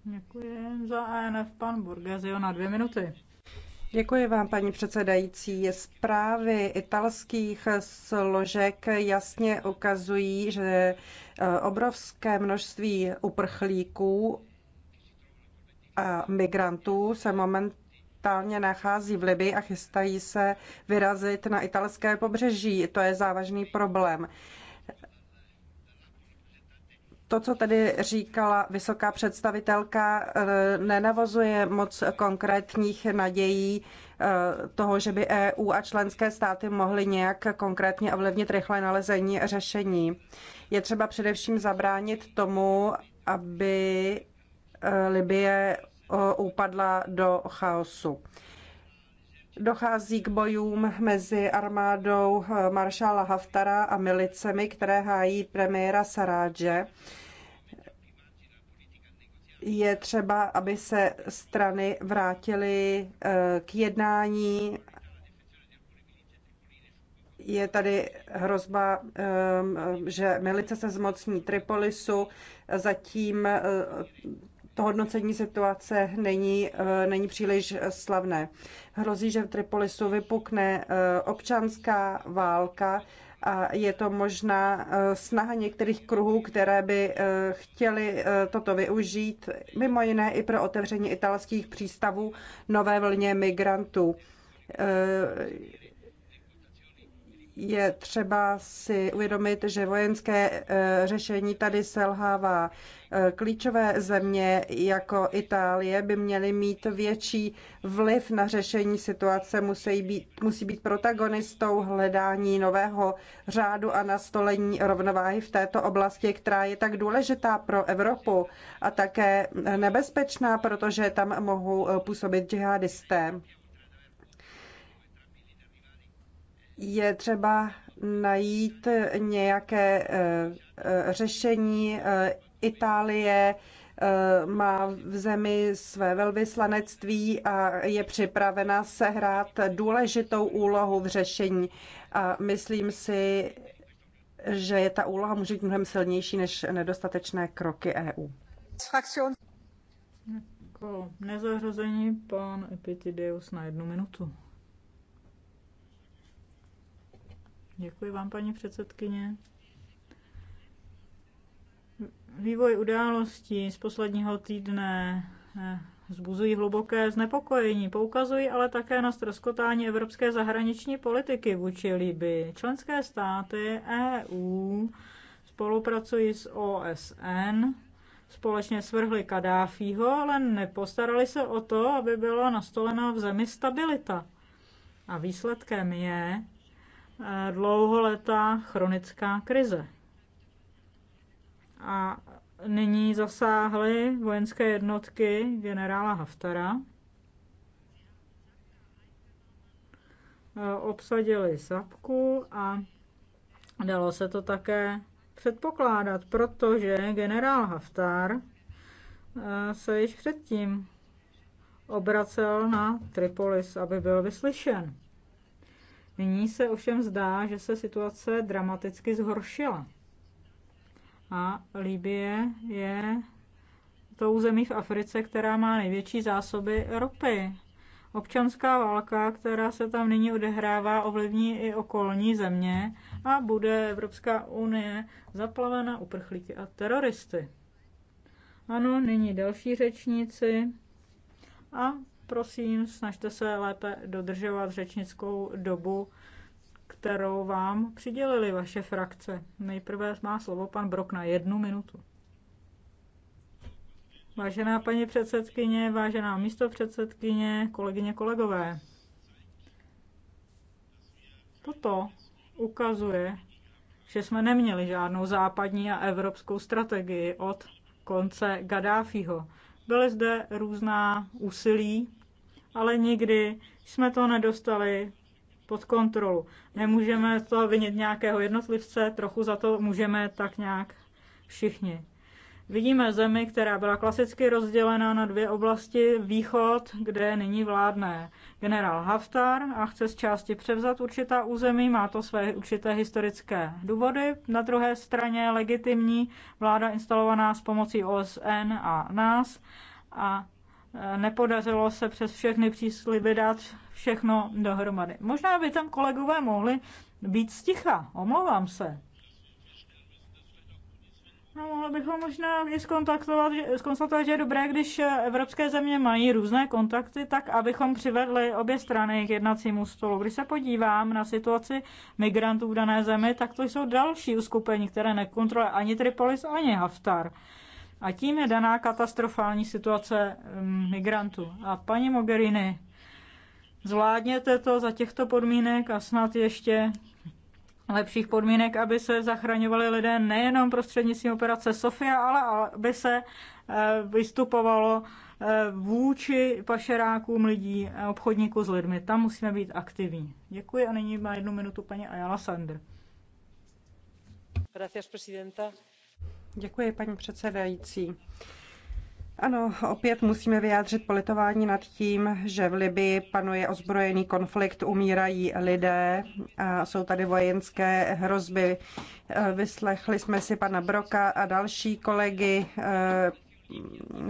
Děkuji za ANF pan Burgazio na dvě minuty. Děkuji vám, paní předsedající. Zprávy italských složek jasně ukazují, že Eh, obrovské množství uprchlíků a migrantů se momentálně nachází v Libii a chystají se vyrazit na italské pobřeží. To je závažný problém to, co tady říkala vysoká představitelka, eh, nenavozuje moc konkrétních nadějí eh, toho, že by EU a členské státy mohly nějak konkrétně ovlivnit rychlé nalezení řešení. Je třeba především zabránit tomu, aby eh, Libie upadla do chaosu dochází k bojům mezi armádou maršála Haftara a milicemi, které hájí premiéra Saráže je třeba, aby se strany vrátily eh, k jednání. Je tady hrozba, eh, že milice se zmocní Tripolisu, zatím eh, to hodnocení situace není, není příliš slavné. Hrozí, že v Tripolisu vypukne občanská válka a je to možná eh, snaha některých kruhů, které by eh, chtěli eh, toto využít, mimo jiné i pro otevření italských přístavů nové vlně migrantů. Je třeba si uvědomit, že vojenské řešení tady selhává. Eh, klíčové země jako Itálie by měly mít větší vliv na řešení situace, musí být, musí být protagonistou hledání nového řádu a nastolení rovnováhy v této oblasti, která je tak důležitá pro Evropu a také nebezpečná, protože tam mohou eh, působit džihadisté. je třeba najít nějaké eh, řešení Itálie eh, má v zemi své velvyslanectví a je připravena sehrát důležitou úlohu v řešení. A myslím si, že ta úloha může být mnohem silnější než nedostatečné kroky EU. Jako nezahrození pan Epitidius na jednu minutu. Děkuji vám, paní předsedkyně. Vývoj událostí z posledního týdne eh, zbuzují hluboké znepokojení, poukazují ale také na ztroskotání evropské zahraniční politiky vůči Libii. Členské státy EU spolupracují s OSN, společně svrhli Kadáfího, ale nepostarali se o to, aby byla nastolena v zemi stabilita. A výsledkem je eh, dlouholetá chronická krize. A nyní zasáhly vojenské jednotky generála Haftara. Eh, obsadili Sapku a dalo se to také předpokládat, protože generál Haftar eh, se již předtím obracel na Tripolis, aby byl vyslyšen. Nyní se ovšem zdá, že se situace dramaticky zhoršila. A Libie je tou zemí v Africe, která má největší zásoby ropy. Občanská válka, která se tam nyní odehrává, ovlivní i okolní země a bude Evropská unie zaplavena uprchlíky a teroristy. Ano, nyní další řečníci. A prosím, snažte se lépe dodržovat řečnickou dobu kterou vám přidělili vaše frakce. Nejprve má slovo pan Brok na jednu minutu. Vážená paní předsedkyně, vážená předsedkyně, kolegyně, kolegové. Toto ukazuje, že jsme neměli žádnou západní a evropskou strategii od konce Gaddafiho. Byly zde různá úsilí, ale nikdy jsme to nedostali pod kontrolu. Nemůžeme to vinit nějakého jednotlivce, trochu za to můžeme tak nějak všichni. Vidíme zemi, která byla klasicky rozdělena na dvě oblasti, východ, kde nyní vládne generál Haftar a chce z části převzat určitá území, má to své určité historické důvody. Na druhé straně legitimní vláda instalovaná s pomocí OSN a nás a nepodařilo se přes všechny přísliby dát všechno dohromady. Možná by tam kolegové mohli být sticha, omlouvám se. No, mohli bychom možná i skontaktovat, že, skonstatovat, že je dobré, když evropské země mají různé kontakty, tak abychom přivedli obě strany k jednacímu stolu. Když se podívám na situaci migrantů v dané zemi, tak to jsou další uskupení, které nekontroluje ani Tripolis, ani Haftar. A tím je daná katastrofální situace mm, migrantů. A paní Mogherini, zvládněte to za těchto podmínek a snad ještě lepších podmínek, aby se zachraňovali lidé nejenom prostřednictvím operace Sofia, ale aby se eh, vystupovalo eh, vůči pašerákům lidí, eh, obchodníků s lidmi. Tam musíme být aktivní. Děkuji a nyní má jednu minutu paní Ayala Sander. Gracias, presidenta Děkuji, paní předsedající. Ano, opět musíme vyjádřit politování nad tím, že v Libii panuje ozbrojený konflikt, umírají lidé a jsou tady vojenské hrozby. Vyslechli jsme si pana Broka a další kolegy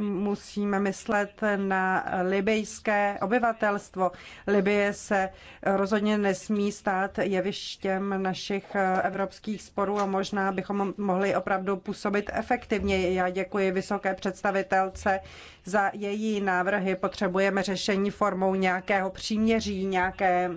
musíme myslet na libejské obyvatelstvo. Libie se rozhodně nesmí stát jevištěm našich evropských sporů a možná bychom mohli opravdu působit efektivně. Já děkuji vysoké představitelce za její návrhy. Potřebujeme řešení formou nějakého příměří, nějaké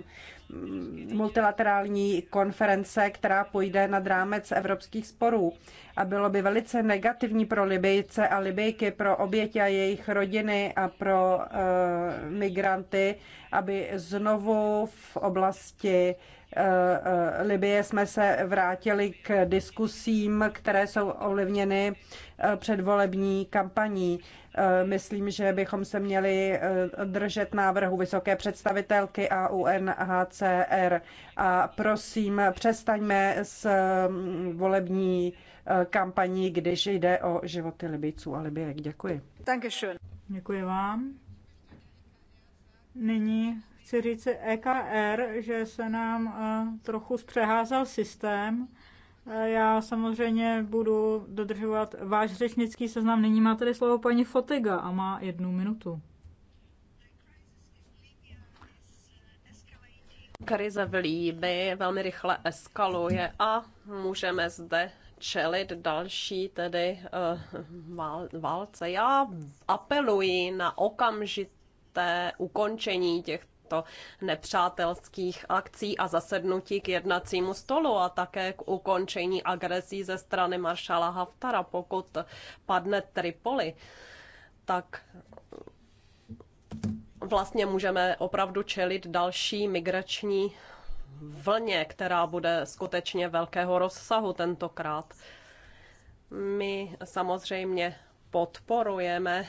multilaterální konference, která půjde nad rámec evropských sporů. A bylo by velice negativní pro Libyjce a Libyjky, pro oběti a jejich rodiny a pro uh, migranty, aby znovu v oblasti eh, eh, Libie jsme se vrátili k diskusím, které jsou ovlivněny předvolební kampaní. Eh, myslím, že bychom se měli eh, držet návrhu vysoké představitelky a UNHCR. A prosím, přestaňme s mm, volební eh, kampaní, když jde o životy Libijců a Libijek. Děkuji. Děkuji vám. Nyní chci říct EKR, že se nám trochu zpřeházal systém. Já samozřejmě budu dodržovat váš řečnický seznam. Nyní má tedy slovo paní Fotiga a má jednu minutu. Krize v Líbii velmi rychle eskaluje a můžeme zde čelit další tedy uh, válce. Já apeluji na okamžité ukončení těch těchto nepřátelských akcí a zasednutí k jednacímu stolu a také k ukončení agresí ze strany maršala Haftara, pokud padne Tripoli, tak vlastně můžeme opravdu čelit další migrační vlně, která bude skutečně velkého rozsahu tentokrát. My samozřejmě podporujeme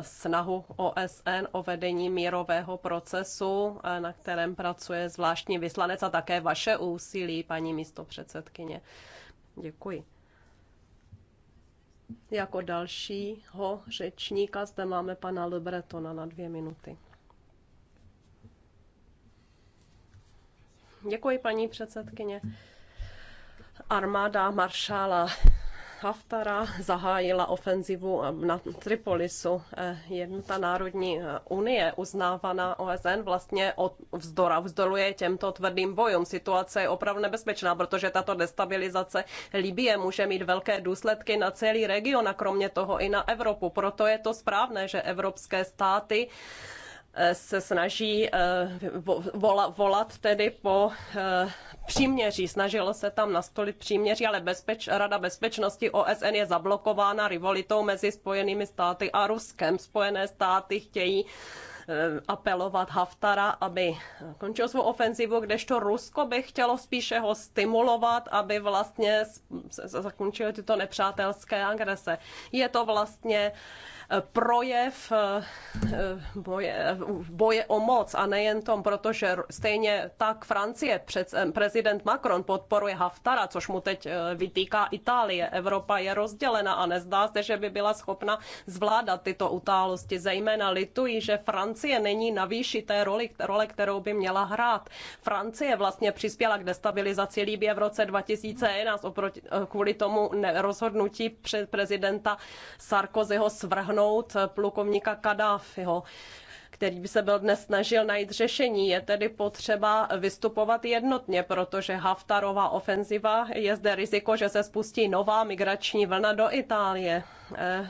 snahu OSN o vedení mírového procesu, na kterém pracuje zvláštní vyslanec a také vaše úsilí, paní místopředsedkyně. Děkuji. Jako dalšího řečníka zde máme pana Lebretona na dvě minuty. Děkuji, paní předsedkyně. Armáda maršála Haftara zahájila ofenzivu na Tripolisu. Eh, Jednota Národní eh, unie uznávaná OSN vlastně vzdora, vzdoluje těmto tvrdým bojům. Situace je opravdu nebezpečná, protože tato destabilizace Libie může mít velké důsledky na celý region a kromě toho i na Evropu. Proto je to správné, že evropské státy Eh, se snaží eh, volat tedy po eh, příměří. Snažilo se tam nastolit příměří, ale bezpeč, Rada bezpečnosti OSN je zablokována rivalitou mezi Spojenými státy a Ruskem. Spojené státy chtějí apelovat Haftara, aby končil svou ofenzivu, kdežto Rusko by chtělo spíše ho stimulovat, aby vlastně zakončil tyto nepřátelské agrese. Je to vlastně Eh, projev eh, eh, boje, boje o moc a nejen tom, protože stejně tak Francie, prezident Macron podporuje Haftara, což mu teď vytýká Itálie. Evropa je rozdělena a nezdá se, že by byla schopna zvládat tyto utálosti. Zejména litují, že Francie není na výši té roli, role, kterou by měla hrát. Francie vlastně přispěla k destabilizaci Líbě v roce 2011 oproti, kvůli tomu rozhodnutí prezidenta Sarkozyho svrhnout navrhnout eh, plukovníka Kadáfiho který by se byl dnes snažil najít řešení. Je tedy potřeba vystupovat jednotně, protože Haftarová ofenziva je zde riziko, že se spustí nová migrační vlna do Itálie. Eh,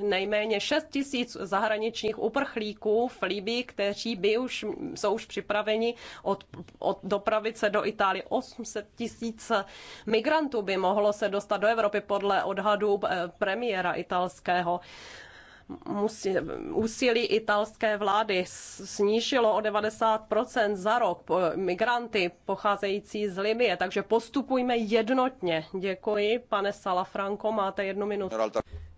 nejméně 6 tisíc zahraničních uprchlíků v Libii, kteří by už, jsou už připraveni od, od dopravit se do Itálie. 800 tisíc migrantů by mohlo se dostat do Evropy podle odhadů eh, premiéra italského musí, úsilí italské vlády snížilo o 90% za rok migranty pocházející z Libie, takže postupujme jednotně. Děkuji, pane Salafranco, máte jednu minutu.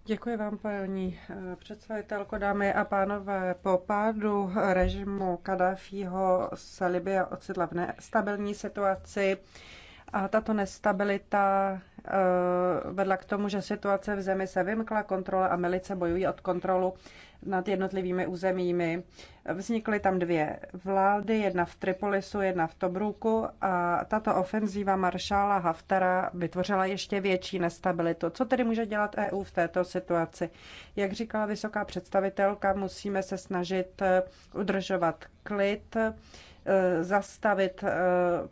Děkuji vám, paní eh, představitelko, dámy a pánové. Po pádu režimu Kadáfího se Libie ocitla v nestabilní situaci. A tato nestabilita eh, vedla k tomu, že situace v zemi se vymkla kontrole a milice bojují od kontrolu nad jednotlivými územími. Vznikly tam dvě vlády, jedna v Tripolisu, jedna v Tobruku a tato ofenzíva maršála Haftara vytvořila ještě větší nestabilitu. Co tedy může dělat EU v této situaci? Jak říkala vysoká představitelka, musíme se snažit eh, udržovat klid, Eh, zastavit eh,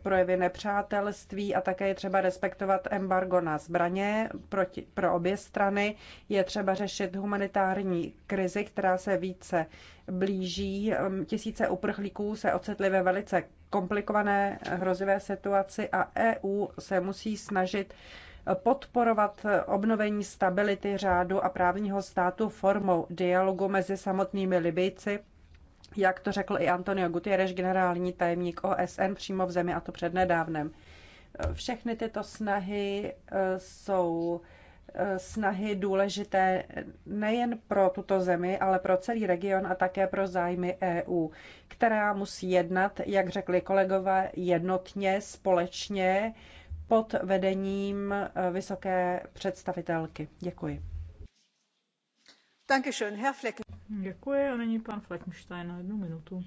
projevy nepřátelství a také je třeba respektovat embargo na zbraně proti, pro obě strany. Je třeba řešit humanitární krizi, která se více blíží. Tisíce uprchlíků se ocitly ve velice komplikované hrozivé situaci a EU se musí snažit podporovat obnovení stability řádu a právního státu formou dialogu mezi samotnými Libyjci jak to řekl i Antonio Gutierrez, generální tajemník OSN přímo v zemi, a to přednedávnem. Všechny tyto snahy eh, jsou eh, snahy důležité nejen pro tuto zemi, ale pro celý region a také pro zájmy EU, která musí jednat, jak řekli kolegové, jednotně, společně pod vedením eh, vysoké představitelky. Děkuji. Děkuji a nyní pan Fleckenstein na jednu minutu.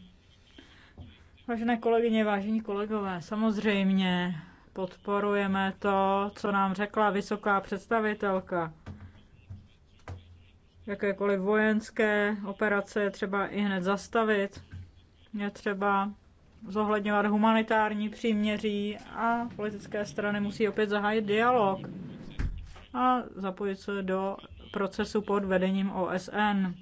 Vážené kolegyně, vážení kolegové, samozřejmě podporujeme to, co nám řekla vysoká představitelka. Jakékoliv vojenské operace je třeba i hned zastavit, je třeba zohledňovat humanitární příměří a politické strany musí opět zahájit dialog a zapojit se do procesu pod vedením OSN.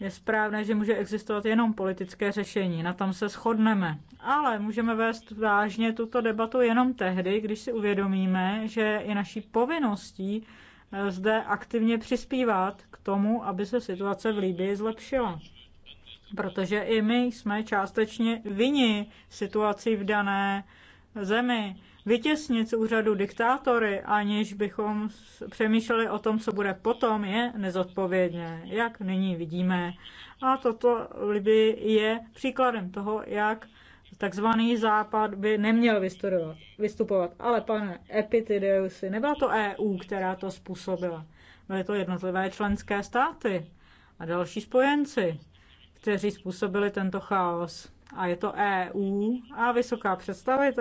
Je správné, že může existovat jenom politické řešení, na tom se shodneme. Ale můžeme vést vážně tuto debatu jenom tehdy, když si uvědomíme, že je naší povinností eh, zde aktivně přispívat k tomu, aby se situace v Líbii zlepšila. Protože i my jsme částečně vyni situací v dané zemi Vytěsnit z úřadu diktátory, aniž bychom přemýšleli o tom, co bude potom, je nezodpovědně, jak nyní vidíme. A toto Liby je příkladem toho, jak takzvaný západ by neměl vystupovat. Ale pane Epitideusi, nebyla to EU, která to způsobila. Byly to jednotlivé členské státy a další spojenci, kteří způsobili tento chaos. A je to EU a vysoká představitel